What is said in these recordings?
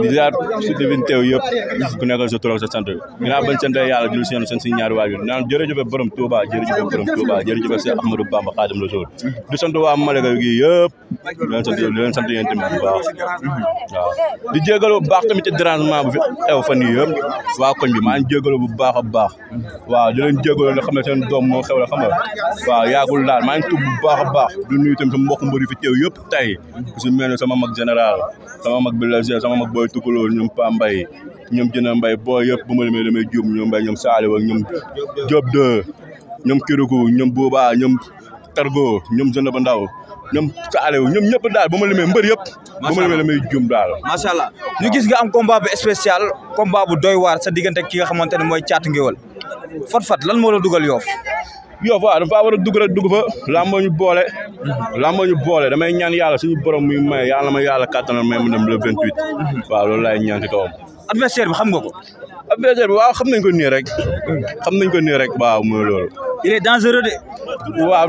di jaar su divin teew yëpp ku nekkal sa tur ak sa sant ginnaaw bañ sant yàlla jul seen seen suñu ñaari waajur naan jërëjëfe borom Touba jërëjëfe borom Touba jërëjëfe Seex Ahmadou Bamba Xaadim Rasuul di sant waa Malika bu baax waaw bu baax teew yëpp waa koñ bi a baax waaw di leen jégalu moo xew la xam nga waaw yaagul maa ngi baax a baax du nuyu tamit sama mbokk mbër yi fi teew yëpp tey su mel ne sama mag général sama mag bi la sama mag booy tukulóor ñoom Pa Mbaye ñoom Jëna Mbaye booy yëpp bu ma limee damay juum ñoom Mbaye ñoom Saaliw ak ñoom Diop de ñoom Kirikou ñoom Bouba ñoom Targo ñoom Jëna ba Ndaw ñoom Saaliw ñoom ñëpp daal bu ma limee mbër yëpp bu ma limee damay juum daal macha allah ñu gis nga am combat bu spécial combat bu doy waar sa diggante ki nga xamante ne mooy Caatu Ngéwël fat fat lan moo la dugal yoof Yoff waaw dafa war a dugg rek dugg fa làmboo ñu boole làmboo ñu boole damay ñaan yàlla suñu borom muy may yàlla ma yàlla kàttanal may mu dem le vingt huit waaw loolu laay ñaan ci kawam adversaire bi xam nga ko adversaire bi waaw xam nañ ko nii rek xam nañ ko nii rek waaw mooy loolu il est dangereux de waaw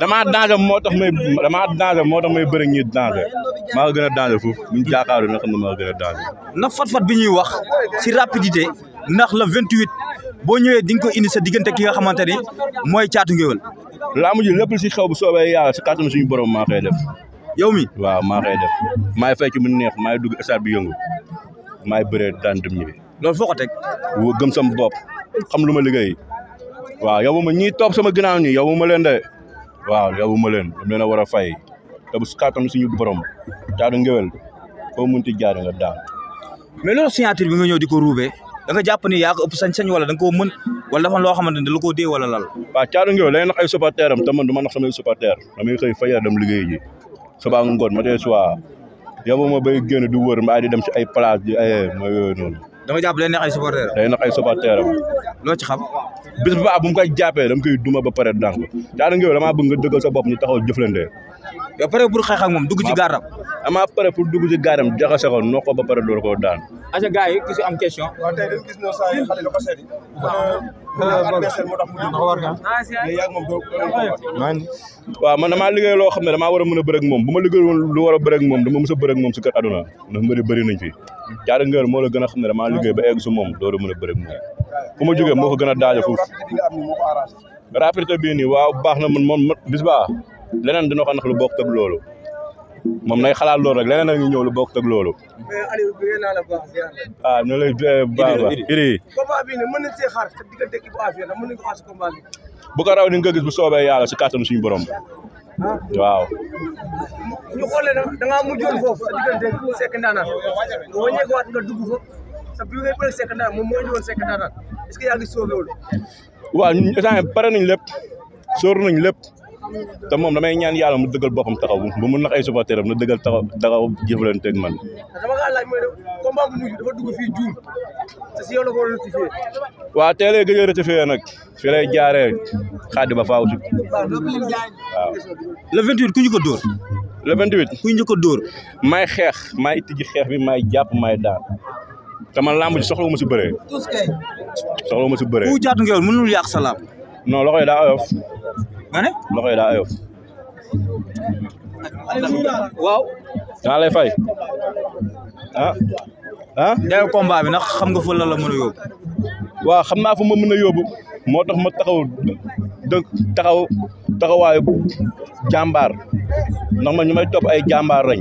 damaa danger moo tax may damaa danger moo tax may bëri ñuy danger maa gën a danger foofu buñu jaakaaru na xam ne maa ko gën a danger na fat-fat bi ñuy wax si rapidité ndax la vingt huit boo ñëwee di nga ko indi sa diggante ki nga xamante ni mooy caatu ngéwél. laamu ji lépp si xew bu soobee yàlla si kàttanu ñu borom maa koy def. yow mi waaw maa koy def maay fecc mu neex maay dugg stade bi yëngu maay bëree daan dem ñibbi. loolu foo ko teg. woo gëm sama bopp xam lu ma liggéey waaw yow ma ñii topp sama ginnaaw ñi yow ma leen de waaw yow ma leen dama leen a war a fay te bu kàttanu suñu borom caatu ngéwél foo ti jaar nga daan. mais loolu signature bi nga ñëw di ko ruubee. da nga jàpp ni yaa ko ëpp sañ-sañ wala da nga mën wala dafa loo xamante ne lu koo dee wala lal waaw Thiatou Nguéweul day nax ay supporter am te man du ma nax samay supporter damay xëy fayal dem liggéey ji subaa nga ngoon ma tey soit yow ma bay génn di wër mbaa di dem ci ay place bi ay eh, ma yooyu noonu da nga jàpp day nax ay supporter am day nax loo ci xam bis bu baax bu mu koy jàppee dama koy duma ba pare dànk Thiatou Nguéweul damaa bëgg nga dëggal sa bopp ñu taxaw jëflante yow pare pour xeex moom dugg ci gaaram. amaa pare pour dugg ci gaaram jaxase ko noo ko ba pare door koo daan. aca gars yi ku si am question. waaw tey dañu gis ne saa yi man damaa liggéey loo xam ne damaa war a mën a bëre moom bu ma liggéey woon lu war a bëre ak moom dama mës a bëre moom si kër aduna ndax mbëri bëri nañ fi jaara ngër la gën a xam ne damaa liggéey ba egg su moom door a mën a bëre ak moom fu ma jógee moo ko gën a daaja foofu rapidité bii nii waaw baax na man moom bis baa leneen dina ko nax lu bokk ak loolu moom nay xalaat loolu rek leneen ak ñu ñëw lu bokk ak loolu. ah ñu lay eh, baax baax iri. combat bi ne mën nañ see xaar te diggante équipe bu affaire la mën nañ ko xaar si combat bi. bu ko raw ni nga gis bu soobee yàlla si kàttanu suñu borom. Ah. waaw. ñu xoolee na da ngaa mujjoon foofu sa diggante Seck Ndana nga wàññeeku waat nga dugg fa sa bi ngay bëre Seck Ndana moom moo indi woon Seck Ndana est ce que yaa ngi sóor loolu. waaw ñun état pare nañ lépp sóor nañ lépp te moom damay ñaan yàlla mu dëggal boppam taxaw bu mu nax ay supporteram na dëggal taxaw taxaw jëflanteeg man dama ko laaj mooy combat bu mujj dafa dugg fii juum te si yow la ko rectifier waaw teelee gëj a rectifier nag fi lay jaaree xaadi ba faaw si waaw le 28 ku ñu ko door. le 28 ku ñu ko door. may xeex may tijji xeex bi may jàpp may daan te man lamb ji soxlawu ma si bëree soxlawu ma si bëree ku jaatu nga mënul yàq sa lamb non loxoy daa oyof nga ne loxo yi daa ayof. waaw. maa lay fay. ah ah. dayoo combat bi nag xam nga fo la la a yóbbu. waaw xam naa fu ma mën a yóbbu moo tax ma taxaw dëgg taxaw taxawaayu jàmbaar ndax man ñu may topp ay jàmbaar lañ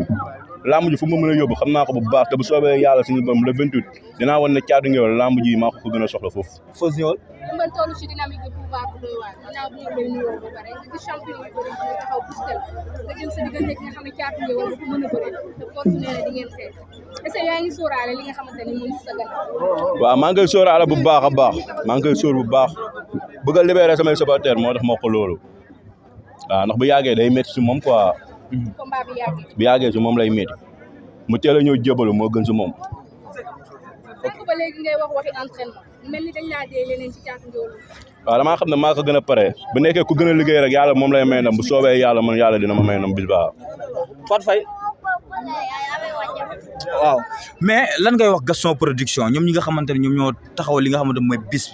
lamb ji fu mu mën a yóbbu xam naa ko bu te bu soobee yàlla suñu borom le 28 dinaa woon ne caatu ngéwél lamb ji ko gën a soxla foofu. Fos ñëwal. nga ne caatu ngéwél fu mën a bëri te force nee na di ngeen waaw maa ngi koy sóoraale bu baax a baax maa ngi koy sóor bu baax bëgg a libérer samay supporters moo def moo ko loolu waaw ndax bu yàggee day métti si moom quoi Mm-hmm. bi yàggee moom lay métti mu teel a ñëw jébalu moo gën si moom. ba léegi xam ne maa ko gën a pare bu nekkee ku gën a liggéey rek yàlla moom lay may ndam bu soobee yàlla man yàlla dina ma may ndam bis baax. waaw mais lan ngay wax Gaston production ñoom ñi nga xamante ne ñoom ñoo taxaw li nga xamante ne mooy bis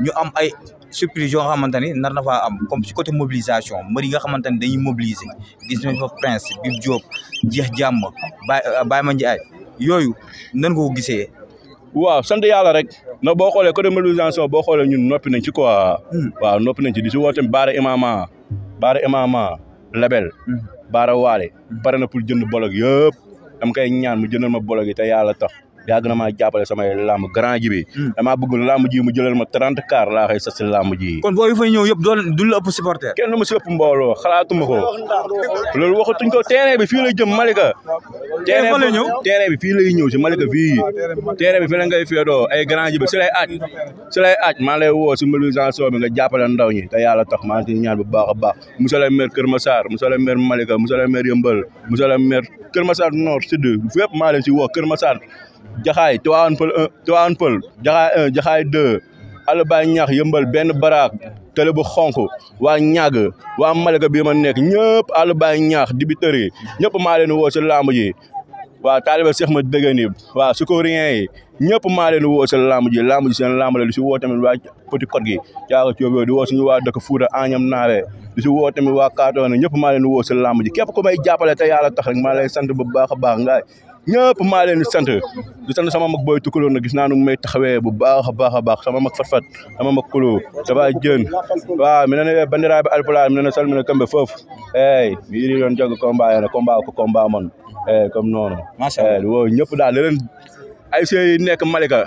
bi ñu am ay surprise yoo xamante ni nar na faa am comme si côté mobilisation mbër yi nga xamante dañu dañuy mobiliser gis nañ fa Prince Bib Diop jeex jàmm Baye euh, Baye Ma Ndiaye yooyu nan nga ko gisee. waaw sant yàlla rek na boo xoolee côté mobilisation boo xoolee ñun noppi nañ ci quoi. Hmm. waw noppi nañ ci di si woote Baara Imama Baara Imama Label. Hmm. Baara wale pare na pour jënd bolog yëpp. am kay ñaan mu jëndal ma bolog yi te yàlla tax. yàgg na maa jàppale samay làmb grand ji bi hmm. damaa bëgg làmb ji mu jëlal ma trente kaar laa xëy sas si làmb ji kon boobu fay ñëw yëpp doon du la ëpp supporter kenn du ma si ëpp mbooloo xalaatuma ko loolu waxatuñ ko terrain bi fii lay jëm Malika terrain bi terrain bi fii lay ñëw si Malika fii terrain bi fii la ngay féetoo ay grand ji bi si lay aaj si lay aaj maa lay woo si mobilisation bi nga jàppale ndaw ñi te yàlla tax maa ngi ñaan bu baax a baax monsieur le maire Kër Massar monsieur le maire Malika monsieur le maire Yëmbël monsieur le maire Kër Massar nord sud fépp maa leen si woo Kër Massar jaxaay Tivaouane Peulh un Tivaouane Peulh jaxaay un jaxaay ñax yëmbal benn baraak tële bu xonk waa ñàgg waa Malika bii ma nekk ñëpp Alba ñax dibi tëri ñëpp maa leen woo si lamb ji waa taaliba Seex ma dëgg ni waa sukorien yi ñëpp maa woo si lamb ji lamb ji seen lamb la di si woo tamit waa Petit Côte gi caaga coob di woo suñu waa dëkk Fuuta Añam Naare di si woo tamit waa Kaatoone ñëpp maa leen woo si lamb ji képp ku may jàppale te yàlla tax rek maa lay sant bu baax a baax ngaay ñëpp maa leen di sant di sant sama mag booy tukkaloo na gis naa nu may taxawee bu baax a baax a baax sama mag fatfat sama mag kuloo daba jën waaw mi nene bandiraaɓe alpulaar mi nene salmina kamɓe foof eyi mi yiri yoon jog combat yene combat mon eyi comme noonu eyi woo ñëpp daal leneen ay sey nekk Malika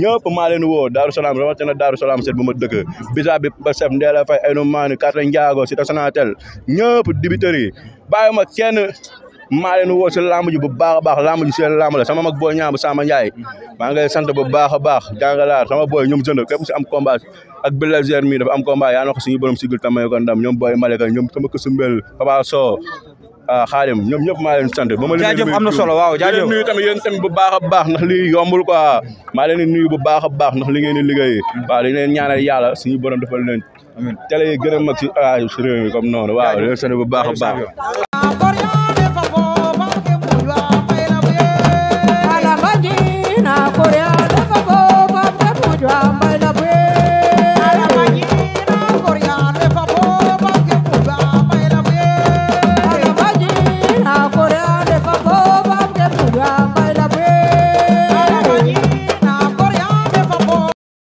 ñëpp maa leen woo Daaru Salaam rawatina Daaru Salaam set bu ma dëkk bisa bi ba sef fay ay nu maani carte si ta Sonatel ñëpp dibiteurs yi bàyyi maa leen woo si lamb ji bu baax a baax lamb ji seen lamb la sama mag booy ñaam sama njaay maa ngi lay sant bu baax a baax jàngalaar sama booy ñoom jënd képp am combat ak Bulldozer mi am combat yaa na si suñu borom sigil tamay ko ndam ñoom booy Malika ñoom sama ko sumbel Papa Sow ah xaalim ñoom ñëpp maa leen sant. ba ma leen jaajëf am na solo waaw jaajëf nuyu tamit yéen tamit bu baax a baax ndax lii yombul quoi maa leen di nuyu bu baax a baax ndax li ngeen di liggéey waaw dañ leen ñaanal yàlla suñu borom defal leen télé yi gën a mag si ah, réew mi comme noonu waaw leen bu baax a baax